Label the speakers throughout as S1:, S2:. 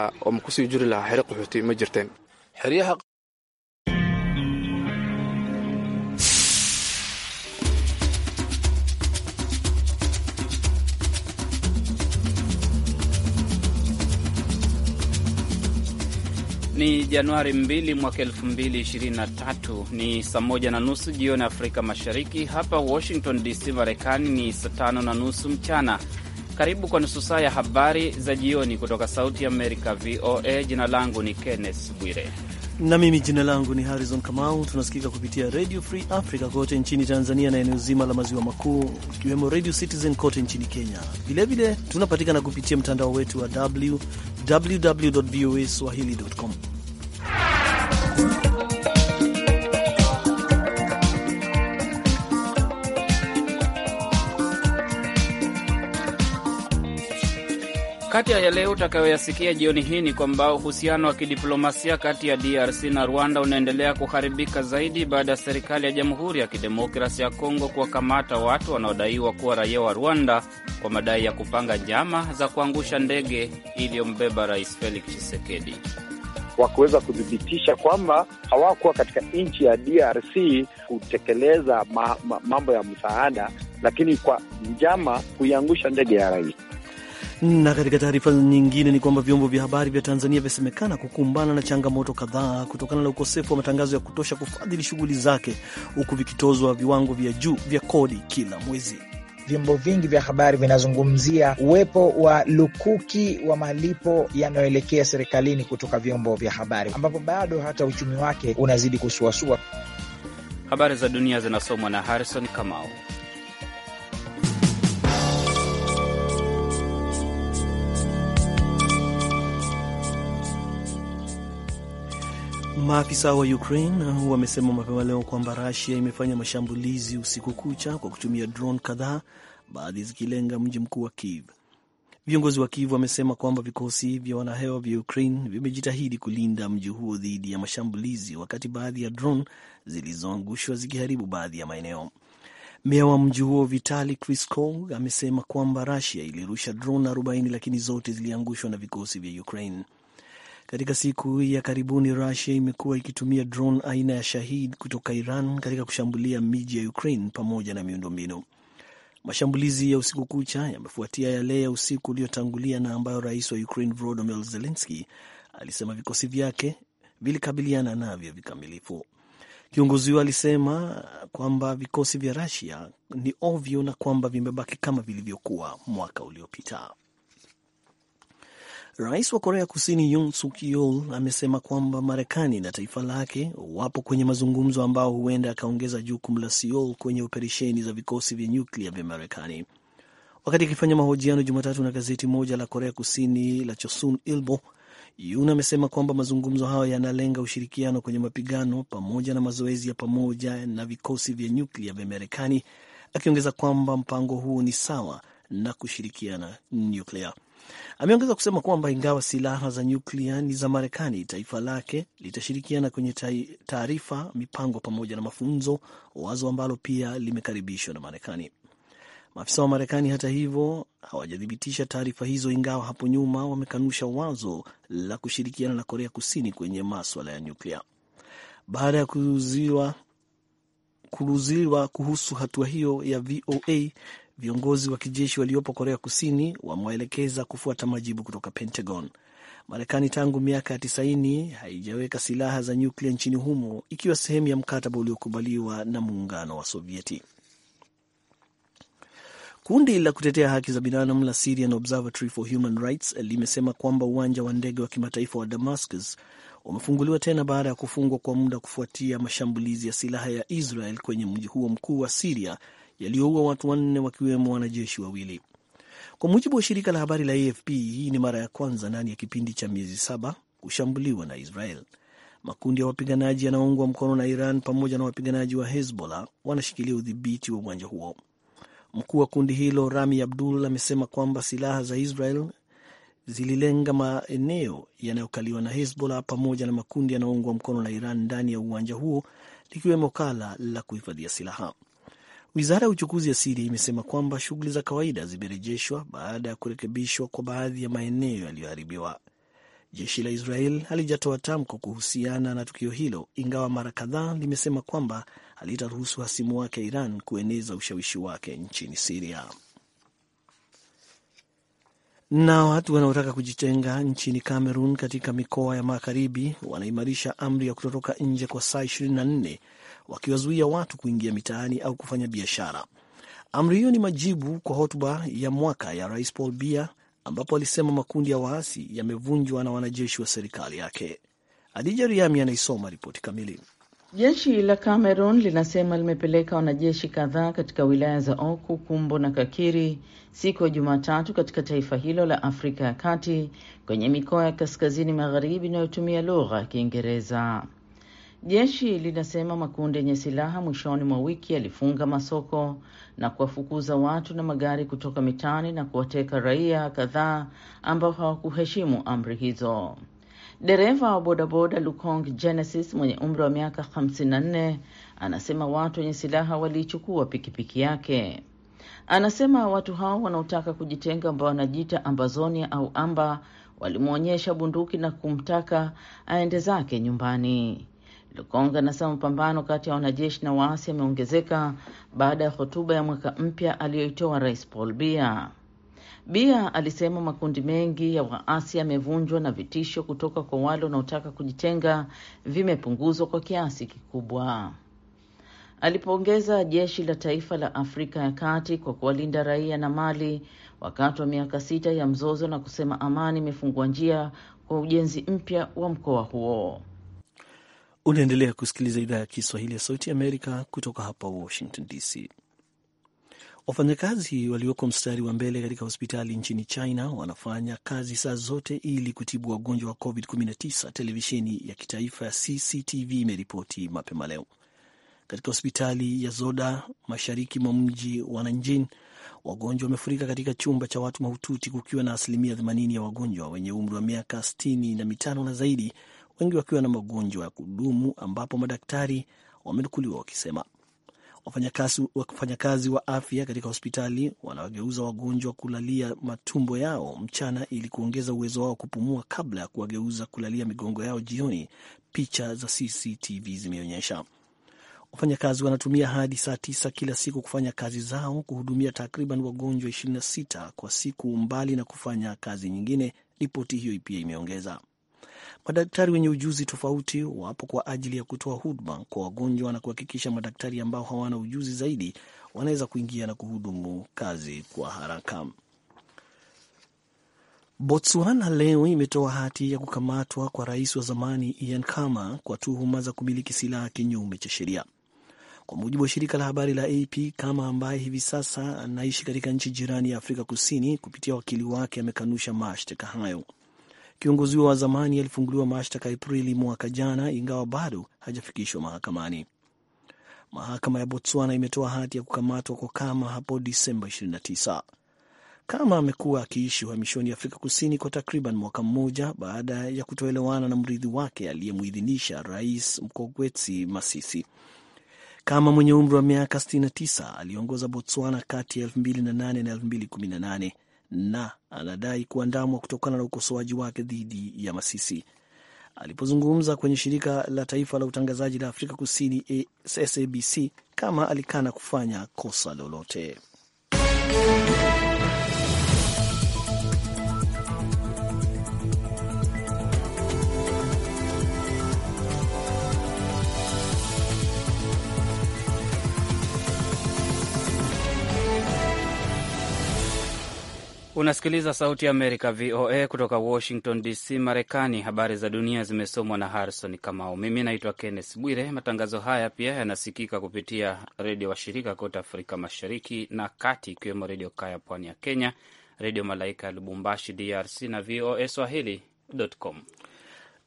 S1: lahaa oo ma sii juri lahaa xero qaxooti ma jirteen
S2: Ni Januari 2 mwaka 2023, ni saa moja na nusu jioni Afrika Mashariki. Hapa Washington DC, Marekani ni saa tano na nusu mchana. Karibu kwa nusu saa ya habari za jioni kutoka Sauti Amerika, VOA. Jina langu ni Kenneth Bwire
S3: na mimi jina langu ni Harrison Kamau. Tunasikika kupitia Radio Free Africa kote nchini Tanzania na eneo zima la maziwa makuu, ikiwemo Radio Citizen kote nchini Kenya. Vilevile tunapatikana kupitia mtandao wetu wa www voa swahili.com.
S2: Kati ya yale utakayoyasikia jioni hii ni kwamba uhusiano wa kidiplomasia kati ya DRC na Rwanda unaendelea kuharibika zaidi baada ya serikali ya Jamhuri ya Kidemokrasia ya Kongo kuwakamata watu wanaodaiwa kuwa raia wa Rwanda kwa madai ya kupanga njama za kuangusha ndege iliyombeba Rais Felix Tshisekedi
S4: wa kuweza kuthibitisha kwamba hawakuwa katika nchi ya DRC kutekeleza ma, ma, mambo ya msaada, lakini kwa njama kuiangusha ndege ya rais.
S3: Na katika taarifa nyingine ni kwamba vyombo vya habari vya Tanzania vyasemekana kukumbana na changamoto kadhaa kutokana na ukosefu wa matangazo ya kutosha kufadhili shughuli zake huku vikitozwa viwango vya juu vya kodi kila mwezi. Vyombo
S5: vingi vya habari vinazungumzia uwepo wa lukuki wa malipo yanayoelekea serikalini kutoka vyombo vya habari, ambapo bado hata uchumi wake unazidi kusuasua.
S2: Habari za dunia zinasomwa na Harrison Kamau.
S3: Maafisa wa Ukraine wamesema mapema leo kwamba Russia imefanya mashambulizi usiku kucha kwa kutumia drone kadhaa, baadhi zikilenga mji mkuu wa Kiev. Viongozi wa Kiev wamesema kwamba vikosi vya wanahewa vya Ukraine vimejitahidi kulinda mji huo dhidi ya mashambulizi, wakati baadhi ya drone zilizoangushwa zikiharibu baadhi ya maeneo. Meya wa mji huo Vitali Klitschko amesema kwamba Russia ilirusha drone 40 lakini zote ziliangushwa na vikosi vya Ukraine. Katika siku ya karibuni, Rusia imekuwa ikitumia drone aina ya Shahid kutoka Iran katika kushambulia miji ya Ukraine pamoja na miundombinu. Mashambulizi ya usiku kucha yamefuatia yale ya usiku uliotangulia na ambayo rais wa Ukraine Volodymyr Zelensky alisema vikosi vyake vilikabiliana navyo vikamilifu. Kiongozi huyo alisema kwamba vikosi vya Rusia ni ovyo na kwamba vimebaki kama vilivyokuwa mwaka uliopita. Rais wa Korea Kusini Yoon Suk Yeol amesema kwamba Marekani na taifa lake wapo kwenye mazungumzo ambao huenda akaongeza jukumu la Seoul kwenye operesheni za vikosi vya nyuklia vya Marekani. Wakati akifanya mahojiano Jumatatu na gazeti moja la Korea Kusini la Chosun Ilbo, Yoon amesema kwamba mazungumzo hayo yanalenga ushirikiano kwenye mapigano pamoja na mazoezi ya pamoja na vikosi vya nyuklia vya Marekani, akiongeza kwamba mpango huo ni sawa na kushirikiana nyuklia. Ameongeza kusema kwamba ingawa silaha za nyuklia ni za Marekani, taifa lake litashirikiana kwenye taarifa, mipango pamoja na mafunzo, wazo ambalo pia limekaribishwa na Marekani. Maafisa wa Marekani hata hivyo hawajathibitisha taarifa hizo, ingawa hapo nyuma wamekanusha wazo la kushirikiana na Korea Kusini kwenye maswala ya nyuklia. Baada ya kuuziwa kuruziwa kuhusu hatua hiyo ya VOA, Viongozi wa kijeshi waliopo Korea Kusini wamewaelekeza kufuata majibu kutoka Pentagon. Marekani tangu miaka ya tisaini haijaweka silaha za nyuklia nchini humo ikiwa sehemu ya mkataba uliokubaliwa na muungano wa Sovieti. Kundi la kutetea haki za binadamu la Syrian Observatory for Human Rights limesema kwamba uwanja wa ndege wa kimataifa wa Damascus umefunguliwa tena baada ya kufungwa kwa muda kufuatia mashambulizi ya silaha ya Israel kwenye mji huo mkuu wa Siria yaliyoua watu wanne wakiwemo wanajeshi wawili. Kwa mujibu wa shirika la habari la AFP, hii ni mara ya kwanza ndani ya kipindi cha miezi saba kushambuliwa na Israel. Makundi ya wapiganaji yanaoungwa mkono na Iran pamoja na wapiganaji wa Hezbollah wanashikilia udhibiti wa uwanja huo. Mkuu wa kundi hilo Rami Abdul amesema kwamba silaha za Israel zililenga maeneo yanayokaliwa na Hezbollah pamoja na makundi yanayoungwa mkono na Iran ndani ya uwanja huo likiwemo kala la kuhifadhia silaha. Wizara ya uchukuzi ya siri imesema kwamba shughuli za kawaida zimerejeshwa baada ya kurekebishwa kwa baadhi ya maeneo yaliyoharibiwa. Jeshi la Israel halijatoa tamko kuhusiana na tukio hilo, ingawa mara kadhaa limesema kwamba halitaruhusu hasimu wake Iran kueneza ushawishi wake nchini Siria. Na watu wanaotaka kujitenga nchini Cameroon katika mikoa ya magharibi wanaimarisha amri ya kutoroka nje kwa saa 24 wakiwazuia watu kuingia mitaani au kufanya biashara. Amri hiyo ni majibu kwa hotuba ya mwaka ya Rais Paul Bia ambapo alisema makundi ya waasi yamevunjwa na wanajeshi wa serikali yake. Adija Riami anaisoma ripoti kamili.
S6: Jeshi la Cameroon linasema limepeleka wanajeshi kadhaa katika wilaya za Oku, Kumbo na Kakiri siku ya Jumatatu katika taifa hilo la Afrika ya Kati kwenye mikoa ya kaskazini magharibi inayotumia lugha ya Kiingereza. Jeshi linasema makundi yenye silaha mwishoni mwa wiki yalifunga masoko na kuwafukuza watu na magari kutoka mitaani na kuwateka raia kadhaa ambao hawakuheshimu amri hizo. Dereva wa bodaboda Lukong Genesis mwenye umri wa miaka 54 anasema watu wenye silaha waliichukua pikipiki yake. Anasema watu hao wanaotaka kujitenga ambao wanajiita Ambazonia au Amba walimwonyesha bunduki na kumtaka aende zake nyumbani. Lukonga anasema mapambano kati ya wanajeshi na waasi yameongezeka baada ya hotuba ya mwaka mpya aliyoitoa Rais Paul bia bia alisema makundi mengi ya waasi yamevunjwa na vitisho kutoka kwa wale wanaotaka kujitenga vimepunguzwa kwa kiasi kikubwa. Alipongeza jeshi la taifa la Afrika ya Kati kwa kuwalinda raia na mali wakati wa miaka sita ya mzozo na kusema amani imefungua njia kwa ujenzi mpya wa mkoa
S3: huo. Unaendelea kusikiliza idhaa ya Kiswahili ya Sauti Amerika kutoka hapa Washington DC. Wafanyakazi walioko mstari wa mbele katika hospitali nchini China wanafanya kazi saa zote ili kutibu wagonjwa wa COVID-19, televisheni ya kitaifa ya CCTV imeripoti mapema leo. Katika hospitali ya Zoda mashariki mwa mji wa Nanjing, wagonjwa wamefurika katika chumba cha watu mahututi, kukiwa na asilimia 80 ya wagonjwa wenye umri wa miaka mitano na zaidi wengi wakiwa na magonjwa ya kudumu, ambapo madaktari wamenukuliwa wakisema wafanyakazi wa afya katika hospitali wanawageuza wagonjwa kulalia matumbo yao mchana ili kuongeza uwezo wao kupumua kabla ya kuwageuza kulalia migongo yao jioni. Picha za CCTV zimeonyesha wafanyakazi wanatumia hadi saa tisa kila siku kufanya kazi zao, kuhudumia takriban wagonjwa 26 kwa siku, mbali na kufanya kazi nyingine, ripoti hiyo pia imeongeza Madaktari wenye ujuzi tofauti wapo kwa ajili ya kutoa huduma kwa wagonjwa na kuhakikisha madaktari ambao hawana ujuzi zaidi wanaweza kuingia na kuhudumu kazi kwa haraka. Botswana leo imetoa hati ya kukamatwa kwa rais wa zamani Ian Khama kwa tuhuma za kumiliki silaha kinyume cha sheria. Kwa mujibu wa shirika la habari la AP, Khama ambaye hivi sasa anaishi katika nchi jirani ya Afrika Kusini, kupitia wakili wake amekanusha mashtaka hayo. Kiongozi huyo wa zamani alifunguliwa mashtaka Aprili mwaka jana, ingawa bado hajafikishwa mahakamani. Mahakama ya Botswana imetoa hati ya kukamatwa kwa Kama hapo Disemba 29. Kama amekuwa akiishi uhamishoni Afrika Kusini kwa takriban mwaka mmoja baada ya kutoelewana na mrithi wake aliyemuidhinisha Rais mkogwetsi Masisi. Kama mwenye umri wa miaka 69 aliongoza Botswana kati ya 2008 na 2018 na anadai kuandamwa kutokana na ukosoaji wake dhidi ya Masisi. Alipozungumza kwenye shirika la taifa la utangazaji la Afrika Kusini SABC, kama alikana kufanya kosa lolote.
S2: Unasikiliza Sauti ya Amerika, VOA, kutoka Washington DC, Marekani. Habari za dunia zimesomwa na Harrison Kamau. Mimi naitwa Kenneth Bwire. Matangazo haya pia yanasikika kupitia redio washirika kote Afrika Mashariki na Kati, ikiwemo Redio Kaya pwani ya Kenya, Redio Malaika ya Lubumbashi, DRC na VOA swahili.com.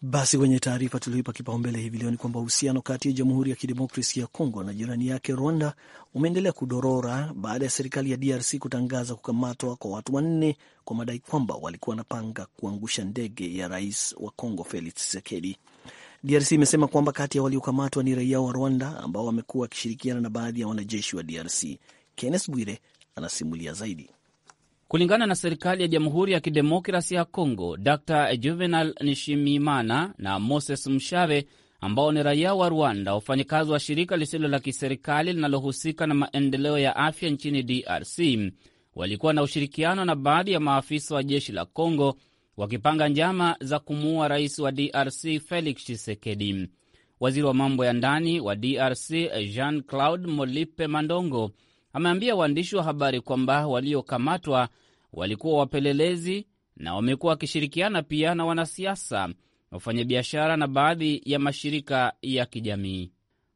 S3: Basi kwenye taarifa tulioipa kipaumbele hivi leo ni kwamba uhusiano kati ya Jamhuri ya Kidemokrasia ya Kongo na jirani yake Rwanda umeendelea kudorora baada ya serikali ya DRC kutangaza kukamatwa kwa watu wanne kwa madai kwamba walikuwa wanapanga kuangusha ndege ya rais wa Kongo Felix Tshisekedi. DRC imesema kwamba kati ya waliokamatwa ni raia wa Rwanda ambao wamekuwa wakishirikiana na baadhi ya wanajeshi wa DRC. Kenneth Bwire anasimulia zaidi.
S2: Kulingana na serikali ya Jamhuri ya Kidemokrasi ya congo Dr Juvenal Nishimimana na Moses Mshave ambao ni raia wa Rwanda, wafanyakazi wa shirika lisilo la kiserikali linalohusika na maendeleo ya afya nchini DRC walikuwa na ushirikiano na baadhi ya maafisa wa jeshi la congo wakipanga njama za kumuua rais wa DRC Felix Tshisekedi. Waziri wa mambo ya ndani wa DRC Jean Claude Molipe Mandongo ameambia waandishi wa habari kwamba waliokamatwa walikuwa wapelelezi na wamekuwa wakishirikiana pia na wanasiasa, wafanyabiashara na baadhi ya mashirika ya kijamii.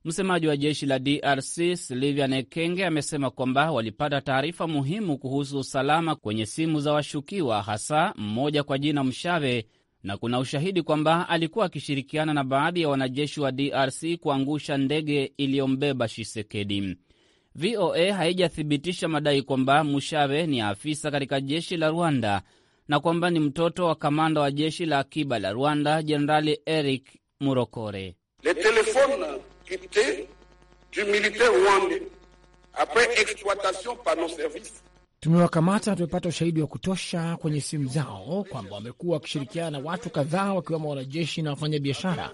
S2: Msemaji wa jeshi la DRC Silivian Ekenge amesema kwamba walipata taarifa muhimu kuhusu usalama kwenye simu za washukiwa, hasa mmoja kwa jina Mshave, na kuna ushahidi kwamba alikuwa akishirikiana na baadhi ya wanajeshi wa DRC kuangusha ndege iliyombeba Shisekedi. VOA haijathibitisha madai kwamba Mushabe ni afisa katika jeshi la Rwanda na kwamba ni mtoto wa kamanda wa jeshi la akiba la Rwanda, Jenerali Eric Murokore. Tumewakamata,
S5: tumepata ushahidi wa kutosha kwenye simu zao kwamba wamekuwa wakishirikiana na watu kadhaa wakiwemo wanajeshi na wafanyabiashara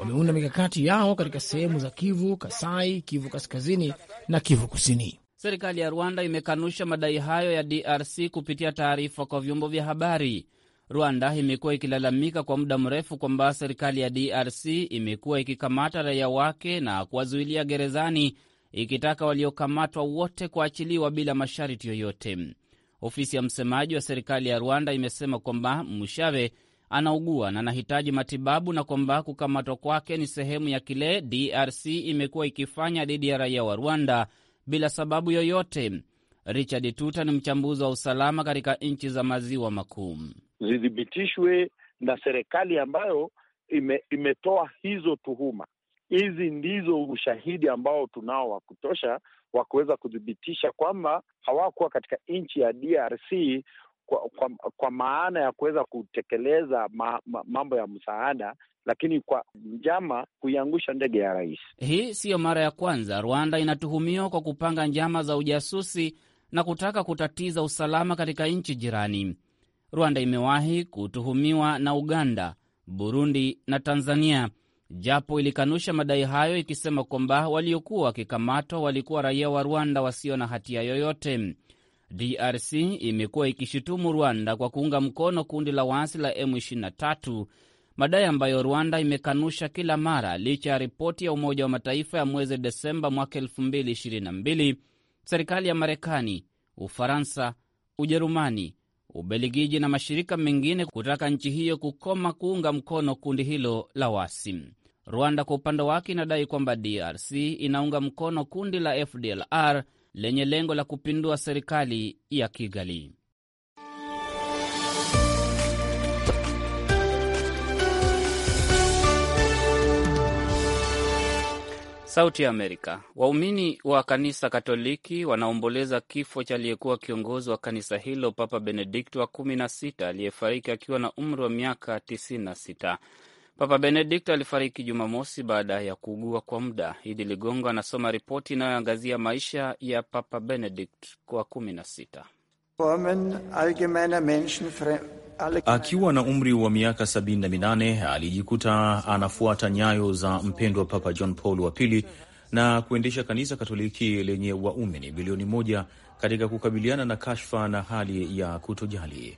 S5: wameunda mikakati yao katika sehemu za Kivu Kasai, Kivu Kaskazini na Kivu Kusini.
S2: Serikali ya Rwanda imekanusha madai hayo ya DRC kupitia taarifa kwa vyombo vya habari. Rwanda imekuwa ikilalamika kwa muda mrefu kwamba serikali ya DRC imekuwa ikikamata raia wake na kuwazuilia gerezani, ikitaka waliokamatwa wote kuachiliwa bila masharti yoyote. Ofisi ya msemaji wa serikali ya Rwanda imesema kwamba Mushave anaugua na anahitaji matibabu na kwamba kukamatwa kwake ni sehemu ya kile DRC imekuwa ikifanya dhidi ya raia wa Rwanda bila sababu yoyote. Richard Tuta ni mchambuzi wa usalama katika nchi za maziwa makuu.
S7: zithibitishwe na serikali
S4: ambayo ime, imetoa hizo tuhuma. Hizi ndizo ushahidi ambao tunao wa kutosha wa kuweza kuthibitisha kwamba hawakuwa katika nchi ya DRC kwa, kwa, kwa maana ya kuweza kutekeleza ma, ma, mambo ya
S7: msaada, lakini kwa njama kuiangusha ndege ya rais.
S2: Hii siyo mara ya kwanza Rwanda inatuhumiwa kwa kupanga njama za ujasusi na kutaka kutatiza usalama katika nchi jirani. Rwanda imewahi kutuhumiwa na Uganda, Burundi na Tanzania, japo ilikanusha madai hayo ikisema kwamba waliokuwa wakikamatwa walikuwa raia wa Rwanda wasio na hatia yoyote. DRC imekuwa ikishutumu Rwanda kwa kuunga mkono kundi la waasi la M23, madai ambayo Rwanda imekanusha kila mara, licha ya ripoti ya Umoja wa Mataifa ya mwezi Desemba mwaka 2022. Serikali ya Marekani, Ufaransa, Ujerumani, Ubelgiji na mashirika mengine kutaka nchi hiyo kukoma kuunga mkono kundi hilo la waasi. Rwanda kwa upande wake inadai kwamba DRC inaunga mkono kundi la FDLR lenye lengo la kupindua serikali ya Kigali. Sauti ya Amerika. Waumini wa kanisa Katoliki wanaomboleza kifo cha aliyekuwa kiongozi wa kanisa hilo Papa Benedikto wa kumi aliyefariki akiwa na umri wa miaka 96. Papa Benedikt alifariki Jumamosi baada ya kuugua kwa muda. Idi Ligongo anasoma ripoti inayoangazia maisha ya Papa Benedikt kwa kumi na sita.
S8: Akiwa na umri wa miaka 78 alijikuta anafuata nyayo za mpendwa Papa John Paul wa pili na kuendesha kanisa Katoliki lenye waumini bilioni moja katika kukabiliana na kashfa na hali ya kutojali.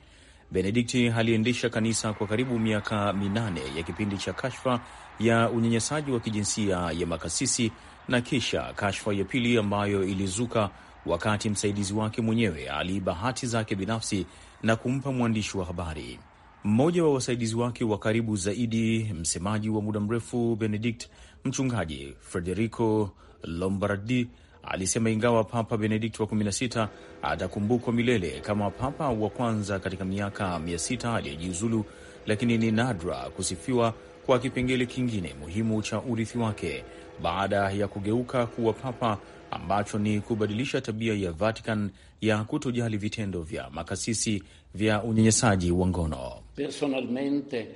S8: Benedikti aliendesha kanisa kwa karibu miaka minane ya kipindi cha kashfa ya unyanyasaji wa kijinsia ya makasisi na kisha kashfa ya pili ambayo ilizuka wakati msaidizi wake mwenyewe aliiba hati zake binafsi na kumpa mwandishi wa habari. Mmoja wa wasaidizi wake wa karibu zaidi, msemaji wa muda mrefu Benedict, mchungaji Federico Lombardi alisema ingawa Papa Benedikt wa 16 atakumbukwa milele kama papa wa kwanza katika miaka 600 aliyejiuzulu, lakini ni nadra kusifiwa kwa kipengele kingine muhimu cha urithi wake baada ya kugeuka kuwa papa, ambacho ni kubadilisha tabia ya Vatican ya kutojali vitendo vya makasisi vya unyanyasaji wa ngono.
S7: Personalmente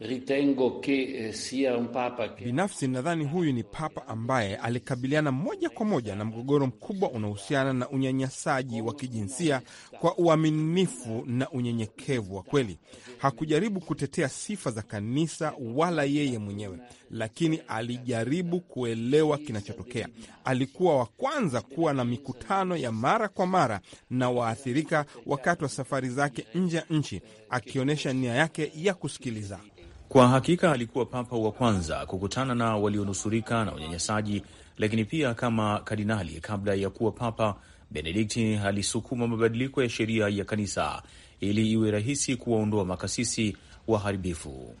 S7: Ritengo
S2: eh, sia un papa
S7: Binafsi nadhani huyu ni papa ambaye alikabiliana
S4: moja kwa moja na mgogoro mkubwa unaohusiana na unyanyasaji wa kijinsia kwa uaminifu na unyenyekevu wa kweli. Hakujaribu kutetea sifa za kanisa wala yeye mwenyewe, lakini alijaribu kuelewa kinachotokea. Alikuwa wa kwanza kuwa na mikutano ya mara kwa mara na waathirika wakati wa safari zake nje ya nchi, akionyesha nia yake ya kusikiliza.
S8: Kwa hakika alikuwa papa wa kwanza kukutana na walionusurika na unyanyasaji, lakini pia kama kardinali kabla ya kuwa papa, Benedikti alisukuma mabadiliko ya sheria ya kanisa ili iwe rahisi kuwaondoa makasisi waharibifu.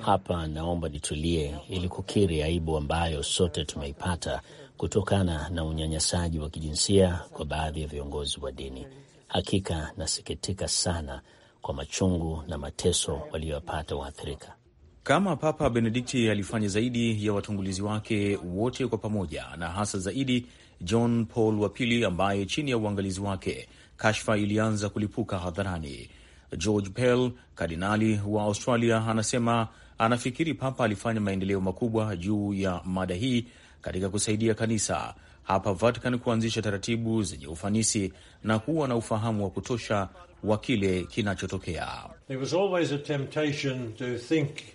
S3: hapa naomba nitulie ili kukiri aibu ambayo sote tumeipata kutokana na unyanyasaji wa kijinsia kwa baadhi ya viongozi wa dini. Hakika nasikitika sana kwa machungu na mateso waliyopata waathirika.
S8: Kama Papa Benedikti alifanya zaidi ya watangulizi wake wote kwa pamoja, na hasa zaidi John Paul wa pili, ambaye chini ya uangalizi wake kashfa ilianza kulipuka hadharani. George Pell, kardinali wa Australia, anasema anafikiri Papa alifanya maendeleo makubwa juu ya mada hii katika kusaidia kanisa hapa Vatican kuanzisha taratibu zenye ufanisi na kuwa na ufahamu wa kutosha wa kile kinachotokea.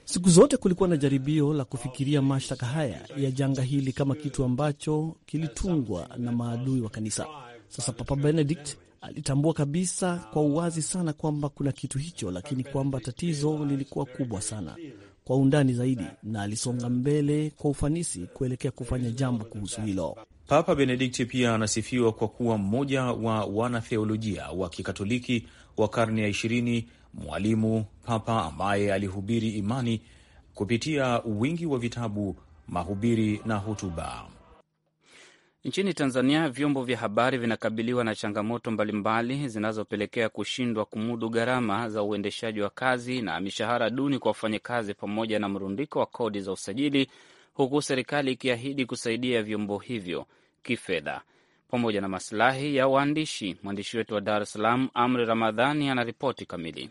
S3: Siku zote kulikuwa na jaribio la kufikiria mashtaka haya ya janga hili kama kitu ambacho kilitungwa na maadui wa kanisa. Sasa Papa Benedict alitambua kabisa kwa uwazi sana kwamba kuna kitu hicho, lakini kwamba tatizo lilikuwa kubwa sana kwa undani zaidi, na alisonga mbele kwa ufanisi kuelekea kufanya jambo kuhusu hilo.
S8: Papa Benedikti pia anasifiwa kwa kuwa mmoja wa wanatheolojia wa Kikatoliki wa karne ya ishirini, mwalimu, papa ambaye alihubiri imani kupitia wingi wa vitabu, mahubiri na hotuba.
S2: Nchini Tanzania, vyombo vya habari vinakabiliwa na changamoto mbalimbali zinazopelekea kushindwa kumudu gharama za uendeshaji wa kazi na mishahara duni kwa wafanyakazi, pamoja na mrundiko wa kodi za usajili huku serikali ikiahidi kusaidia vyombo hivyo kifedha pamoja na masilahi ya waandishi. Mwandishi wetu wa Dar es Salaam, Amri Ramadhani, anaripoti kamili.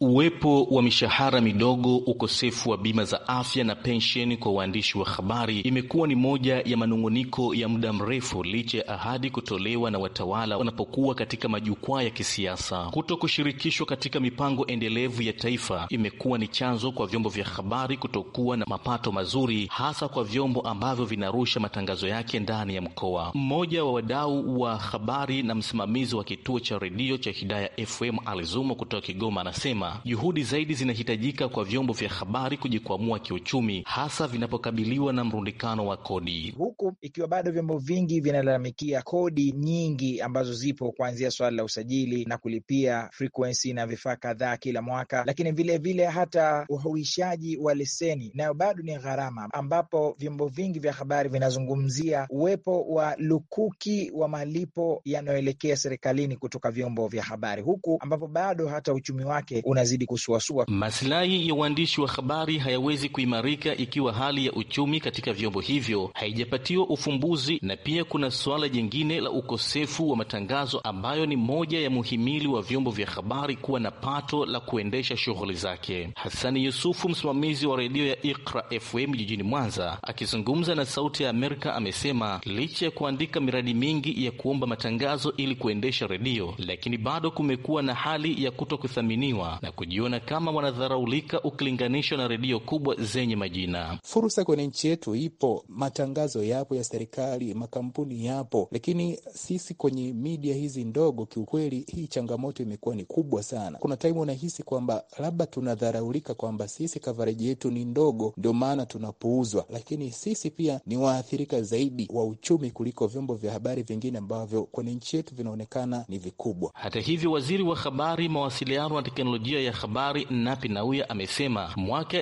S1: Uwepo wa mishahara midogo, ukosefu wa bima za afya na pensheni kwa waandishi wa habari imekuwa ni moja ya manung'uniko ya muda mrefu, licha ya ahadi kutolewa na watawala wanapokuwa katika majukwaa ya kisiasa. Kuto kushirikishwa katika mipango endelevu ya taifa imekuwa ni chanzo kwa vyombo vya habari kutokuwa na mapato mazuri, hasa kwa vyombo ambavyo vinarusha matangazo yake ndani ya mkoa. Mmoja wa wadau wa habari na msimamizi wa kituo cha redio cha Hidaya FM Alizumo kutoka Kigoma anasema amesema juhudi zaidi zinahitajika kwa vyombo vya habari kujikwamua kiuchumi, hasa vinapokabiliwa na mrundikano wa kodi,
S5: huku ikiwa bado vyombo vingi vinalalamikia kodi nyingi ambazo zipo kuanzia swala la usajili na kulipia frekuensi na vifaa kadhaa kila mwaka, lakini vilevile vile hata uhuishaji wa leseni nayo bado ni gharama, ambapo vyombo vingi vya habari vinazungumzia uwepo wa lukuki wa malipo yanayoelekea serikalini kutoka vyombo vya habari, huku ambapo bado hata uchumi wake unazidi kusuasua.
S1: Masilahi ya uandishi wa habari hayawezi kuimarika ikiwa hali ya uchumi katika vyombo hivyo haijapatiwa ufumbuzi, na pia kuna suala jingine la ukosefu wa matangazo ambayo ni moja ya muhimili wa vyombo vya habari kuwa na pato la kuendesha shughuli zake. Hasani Yusufu, msimamizi wa redio ya Iqra FM jijini Mwanza, akizungumza na Sauti ya Amerika amesema licha ya kuandika miradi mingi ya kuomba matangazo ili kuendesha redio, lakini bado kumekuwa na hali ya kuto kuthaminiwa na kujiona kama wanadharaulika ukilinganishwa na redio kubwa zenye majina.
S4: Fursa kwenye nchi yetu ipo, matangazo yapo ya serikali, makampuni yapo, lakini sisi kwenye midia hizi ndogo, kiukweli hii changamoto imekuwa ni kubwa sana. Kuna taimu unahisi kwamba labda tunadharaulika kwamba sisi kavareji yetu ni ndogo, ndio maana tunapuuzwa, lakini sisi pia ni waathirika zaidi wa uchumi kuliko vyombo vya habari vingine ambavyo kwenye nchi yetu vinaonekana ni vikubwa.
S1: Hata hivyo, waziri wa habari, mawasiliano na teknolojia njia ya habari Nape nauya amesema mwaka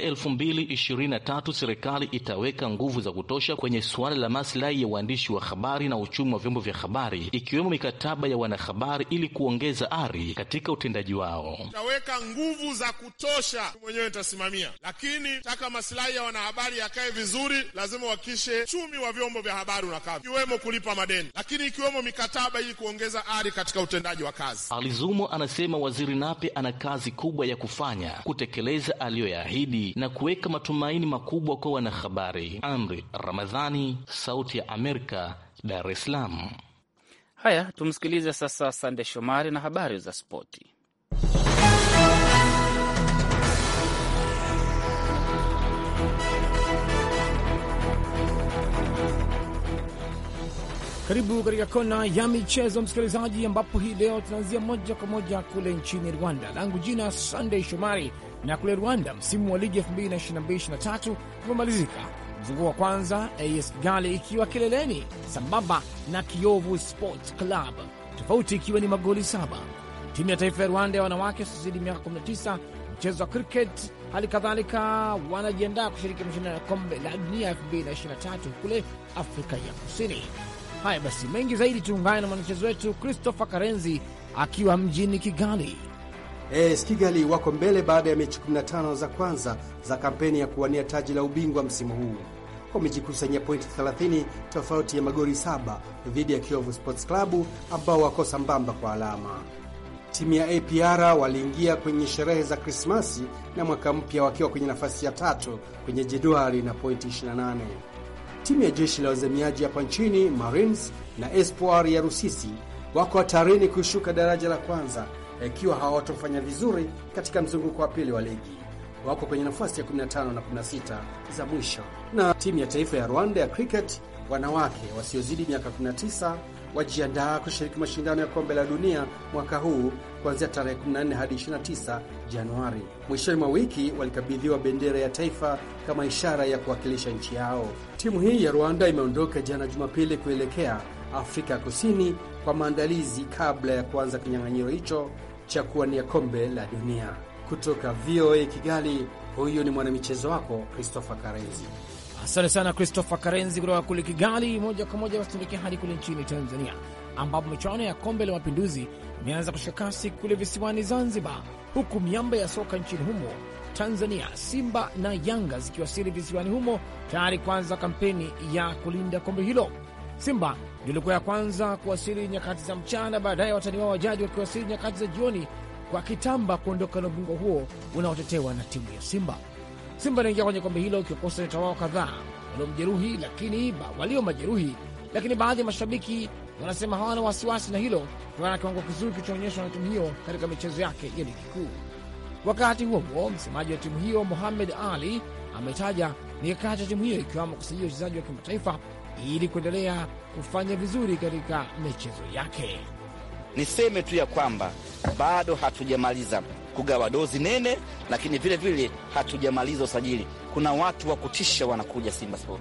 S1: tatu serikali itaweka nguvu za kutosha kwenye suala la maslahi ya waandishi wa habari na uchumi wa vyombo vya habari ikiwemo mikataba ya wanahabari ili kuongeza ari katika utendaji wao.
S3: Itaweka nguvu za kutosha, mwenyewe itasimamia, lakini taka maslahi ya wanahabari yakae vizuri, lazima uhakikishe uchumi wa vyombo vya habari unakaa, ikiwemo kulipa madeni, lakini ikiwemo mikataba ili kuongeza ari katika utendaji wa kazi.
S1: Alizumo anasema waziri Nape ana kazi makubwa ya kufanya, kutekeleza aliyoyaahidi na kuweka matumaini makubwa kwa wanahabari. Amri Ramadhani, Sauti ya Amerika, Dar es Salaam.
S2: Haya, tumsikilize sasa Sande Shomari na habari za spoti.
S5: Karibu katika kona ya michezo, msikilizaji, ambapo hii leo tunaanzia moja kwa moja kule nchini Rwanda. Langu jina Sunday Shomari, na kule Rwanda msimu wa ligi 2022/2023 umemalizika, mzunguko wa kwanza, AS Kigali ikiwa kileleni sambamba na Kiyovu Sports Club, tofauti ikiwa ni magoli saba. Timu ya taifa ya Rwanda ya wanawake wasiozidi miaka 19 mchezo wa cricket, hali kadhalika wanajiandaa kushiriki mashindano ya kombe la dunia 2023 kule Afrika ya Kusini. Haya basi, mengi zaidi tuungane na mwanachezo wetu Christopher Karenzi akiwa mjini Kigali.
S7: AS eh, Kigali wako mbele baada ya mechi 15 za kwanza za kampeni ya kuwania taji la ubingwa msimu huu. Wamejikusanyia pointi 30 tofauti ya magori saba dhidi ya Kiovu Sports Club ambao wako sambamba kwa alama. Timu ya APR waliingia kwenye sherehe za Krismasi na mwaka mpya wakiwa kwenye nafasi ya tatu kwenye jedwali na pointi 28. Timu ya jeshi la wazamiaji hapa nchini Marines na Espoir ya Rusisi wako hatarini kushuka daraja la kwanza ikiwa hawatofanya vizuri katika mzunguko wa pili wa ligi. Wako kwenye nafasi ya 15 na 16 za mwisho. Na timu ya taifa ya Rwanda ya cricket wanawake wasiozidi miaka 19 wajiandaa kushiriki mashindano ya kombe la dunia mwaka huu kuanzia tarehe 14 hadi 29 Januari. Mwishoni mwa wiki walikabidhiwa bendera ya taifa kama ishara ya kuwakilisha nchi yao. Timu hii ya Rwanda imeondoka jana Jumapili kuelekea Afrika Kusini kwa maandalizi kabla ya kuanza kinyang'anyiro hicho cha kuwania kombe la dunia. Kutoka VOA Kigali, huyu ni mwanamichezo wako Christopher Karezi.
S5: Asante sana Christopher Karenzi kutoka kule Kigali. Moja kwa moja basi tuelekea hadi kule nchini Tanzania, ambapo michuano ya kombe la mapinduzi imeanza kushika kasi kule visiwani Zanzibar, huku miamba ya soka nchini humo Tanzania, Simba na Yanga zikiwasili visiwani humo tayari kuanza kampeni ya kulinda kombe hilo. Simba ndio ilikuwa ya kwanza kuwasili nyakati za mchana, baadaye watani wao wajaji wakiwasili nyakati za jioni kwa kitamba kuondoka na ubingwa huo unaotetewa na timu ya Simba. Simba anaingia kwenye kombe hilo ukiokosa nyota wao kadhaa waliomjeruhi, lakini walio majeruhi, lakini baadhi ya mashabiki wanasema hawana wasiwasi na hilo kutokana na kiwango kizuri kilichoonyeshwa na timu hiyo katika michezo yake ya ligi kuu. Wakati huo huo, msemaji wa timu hiyo Mohamed Ali ametaja mikakati ya timu hiyo ikiwamo kusajili wachezaji wa kimataifa ili kuendelea kufanya vizuri katika michezo yake.
S2: Niseme tu ya kwamba bado hatujamaliza kugawa dozi nene, lakini vile vile hatujamaliza usajili. Kuna watu wa kutisha wanakuja Simba Sport,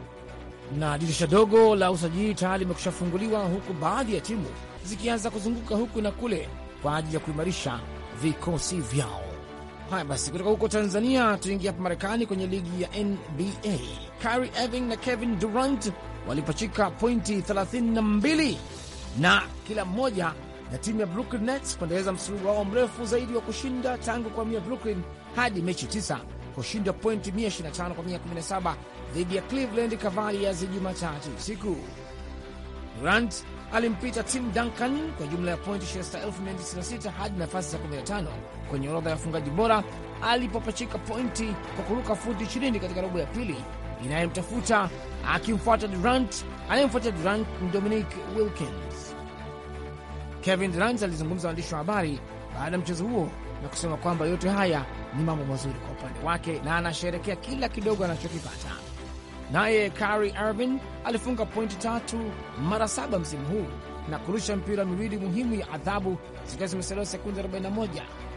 S5: na dirisha dogo la usajili tayari limekushafunguliwa huku baadhi ya timu zikianza kuzunguka huku na kule kwa ajili ya kuimarisha vikosi vyao. Haya basi, kutoka huko Tanzania tuingia hapa Marekani kwenye ligi ya NBA. Kyrie Irving na Kevin Durant walipachika pointi 32 na kila mmoja na timu ya Brooklyn Nets kuendeleza msururu wao mrefu zaidi wa kushinda tangu kuhamia Brooklyn hadi mechi tisa kushinda pointi 125 kwa 117 dhidi ya Cleveland Cavaliers Jumatatu usiku. Durant alimpita Tim Duncan kwa jumla ya pointi 269 hadi nafasi ya 15 kwenye orodha ya wafungaji bora alipopachika pointi kwa kuruka futi 20 katika robo ya pili inayemtafuta akimfuata Durant. Anayemfuatia Durant ni Dominic Wilkins Kevin Durant alizungumza waandishi wa habari baada ya mchezo huo na kusema kwamba yote haya ni mambo mazuri kwa upande wake na anasherekea kila kidogo anachokipata. Naye Kyrie Irving alifunga pointi tatu mara saba msimu huu na kurusha mpira miwili muhimu ya adhabu zikiwa zimesalia sekunde 41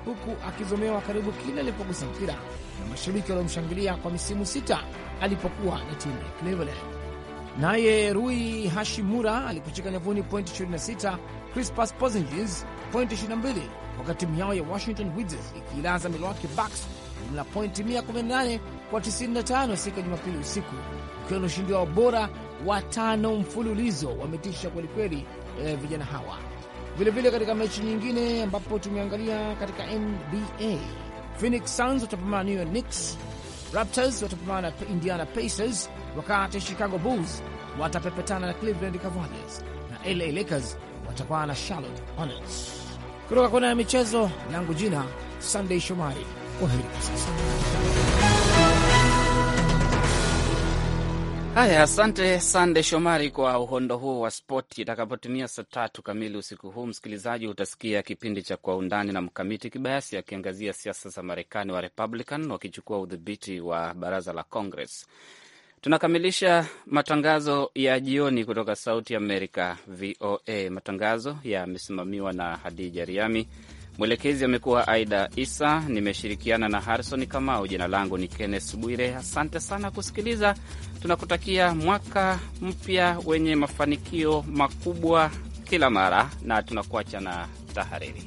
S5: huku akizomewa karibu kila alipogusa mpira na mashabiki waliomshangilia kwa misimu sita alipokuwa na timu ya Cleveland. Naye Rui Hashimura alipocheka nyavuni pointi 26 Crispas Porzingis pointi 22, wakati timu yao ya Washington Wizards ikiilaza Milwaukee Bucks jumla pointi 118 kwa 95 siku ya Jumapili usiku, ukiwa na ushindi wao bora wa tano mfululizo. Wametisha kwelikweli eh, vijana hawa. Vilevile katika mechi nyingine ambapo tumeangalia katika NBA, Phoenix Suns watapambana New York Knicks, Raptors watapambana na Indiana Pacers, wakati Chicago Bulls watapepetana na Cleveland Cavaliers na LA Lakers watakuwa na Charlotte Hornets. Kutoka kona ya michezo yangu, jina Sunday Shomari. Kwa heri kwa sasa.
S2: Haya, asante Sande Shomari kwa uhondo huo wa spoti. Itakapotimia saa tatu kamili usiku huu, msikilizaji, utasikia kipindi cha Kwa Undani na Mkamiti Kibayasi akiangazia siasa za Marekani, wa Republican wakichukua udhibiti wa baraza la Congress. Tunakamilisha matangazo ya jioni kutoka Sauti Amerika, VOA. Matangazo yamesimamiwa na Hadija Riami, mwelekezi amekuwa Aida Isa, nimeshirikiana na Harrison Kamau. Jina langu ni Kenneth Bwire, asante sana kusikiliza. Tunakutakia mwaka mpya wenye mafanikio makubwa kila mara, na tunakuacha na tahariri.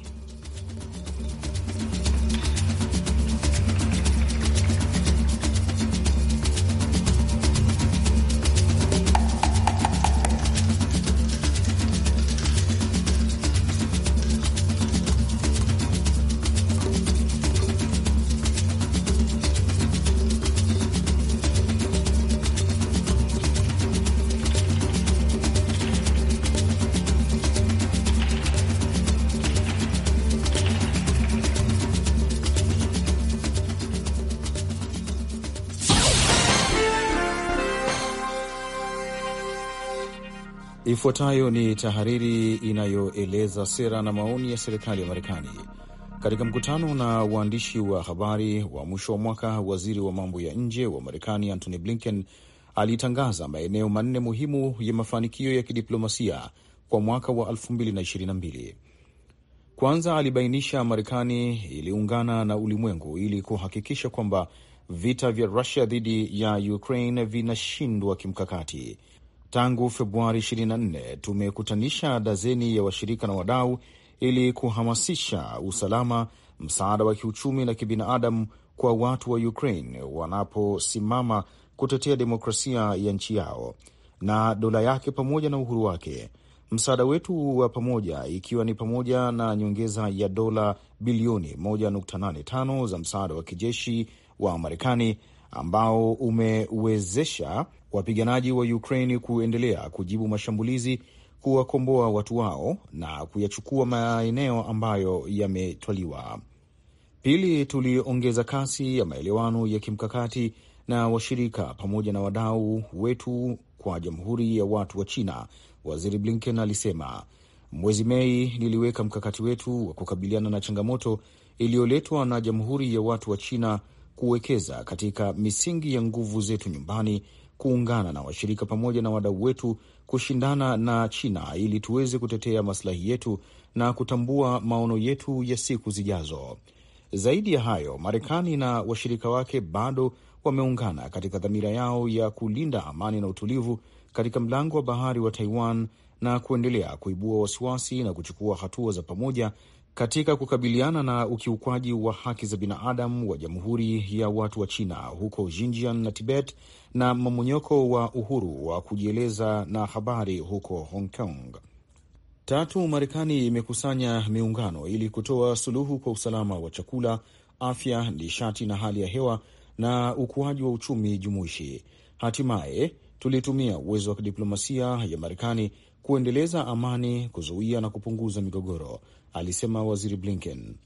S4: Ifuatayo ni tahariri inayoeleza sera na maoni ya serikali ya Marekani. Katika mkutano na waandishi wa habari wa mwisho wa mwaka, waziri wa mambo ya nje wa Marekani Antony Blinken alitangaza maeneo manne muhimu ya mafanikio ya kidiplomasia kwa mwaka wa 2022. Kwanza, alibainisha Marekani iliungana na ulimwengu ili kuhakikisha kwamba vita vya Rusia dhidi ya Ukraine vinashindwa kimkakati. Tangu Februari 24 tumekutanisha dazeni ya washirika na wadau ili kuhamasisha usalama, msaada wa kiuchumi na kibinadamu kwa watu wa Ukraine wanaposimama kutetea demokrasia ya nchi yao na dola yake pamoja na uhuru wake. Msaada wetu wa pamoja ikiwa ni pamoja na nyongeza ya dola bilioni 1.85 za msaada wa kijeshi wa Marekani ambao umewezesha wapiganaji wa ukrain kuendelea kujibu mashambulizi, kuwakomboa watu wao na kuyachukua maeneo ambayo yametwaliwa. Pili, tuliongeza kasi ya maelewano ya kimkakati na washirika pamoja na wadau wetu kwa Jamhuri ya Watu wa China, Waziri Blinken alisema. Mwezi Mei niliweka mkakati wetu wa kukabiliana na changamoto iliyoletwa na Jamhuri ya Watu wa China kuwekeza katika misingi ya nguvu zetu nyumbani, kuungana na washirika pamoja na wadau wetu, kushindana na China ili tuweze kutetea maslahi yetu na kutambua maono yetu ya siku zijazo. Zaidi ya hayo, Marekani na washirika wake bado wameungana katika dhamira yao ya kulinda amani na utulivu katika mlango wa bahari wa Taiwan na kuendelea kuibua wasiwasi na kuchukua hatua za pamoja katika kukabiliana na ukiukwaji wa haki za binadamu wa Jamhuri ya Watu wa China huko Xinjiang na Tibet na mamonyoko wa uhuru wa kujieleza na habari huko Hong Kong. Tatu, Marekani imekusanya miungano ili kutoa suluhu kwa usalama wa chakula, afya, nishati na hali ya hewa na ukuaji wa uchumi jumuishi. Hatimaye tulitumia uwezo wa kidiplomasia ya Marekani kuendeleza amani, kuzuia na kupunguza migogoro, alisema Waziri Blinken.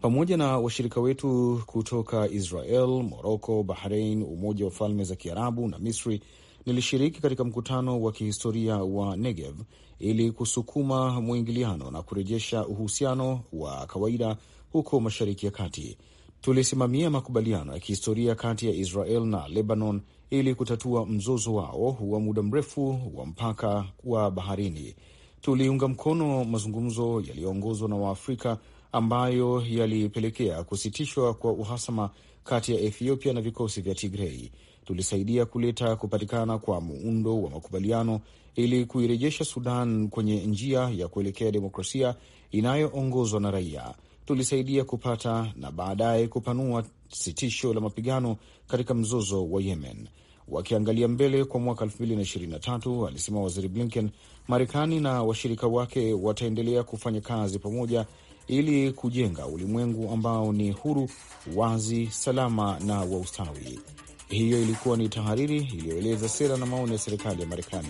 S4: Pamoja na washirika wetu kutoka Israel, Moroko, bahrein Umoja wa Falme za Kiarabu na Misri, nilishiriki katika mkutano wa kihistoria wa Negev ili kusukuma mwingiliano na kurejesha uhusiano wa kawaida huko Mashariki ya Kati. Tulisimamia makubaliano ya kihistoria kati ya Israel na Lebanon ili kutatua mzozo wao wa muda mrefu wa mpaka wa baharini. Tuliunga mkono mazungumzo yaliyoongozwa na Waafrika ambayo yalipelekea kusitishwa kwa uhasama kati ya Ethiopia na vikosi vya Tigrei. Tulisaidia kuleta kupatikana kwa muundo wa makubaliano ili kuirejesha Sudan kwenye njia ya kuelekea demokrasia inayoongozwa na raia. Tulisaidia kupata na baadaye kupanua sitisho la mapigano katika mzozo wa Yemen wakiangalia mbele kwa mwaka 2023, alisema Waziri Blinken. Marekani na washirika wake wataendelea kufanya kazi pamoja ili kujenga ulimwengu ambao ni huru, wazi, salama na wa ustawi. Hiyo ilikuwa ni tahariri iliyoeleza sera na maoni ya serikali ya Marekani.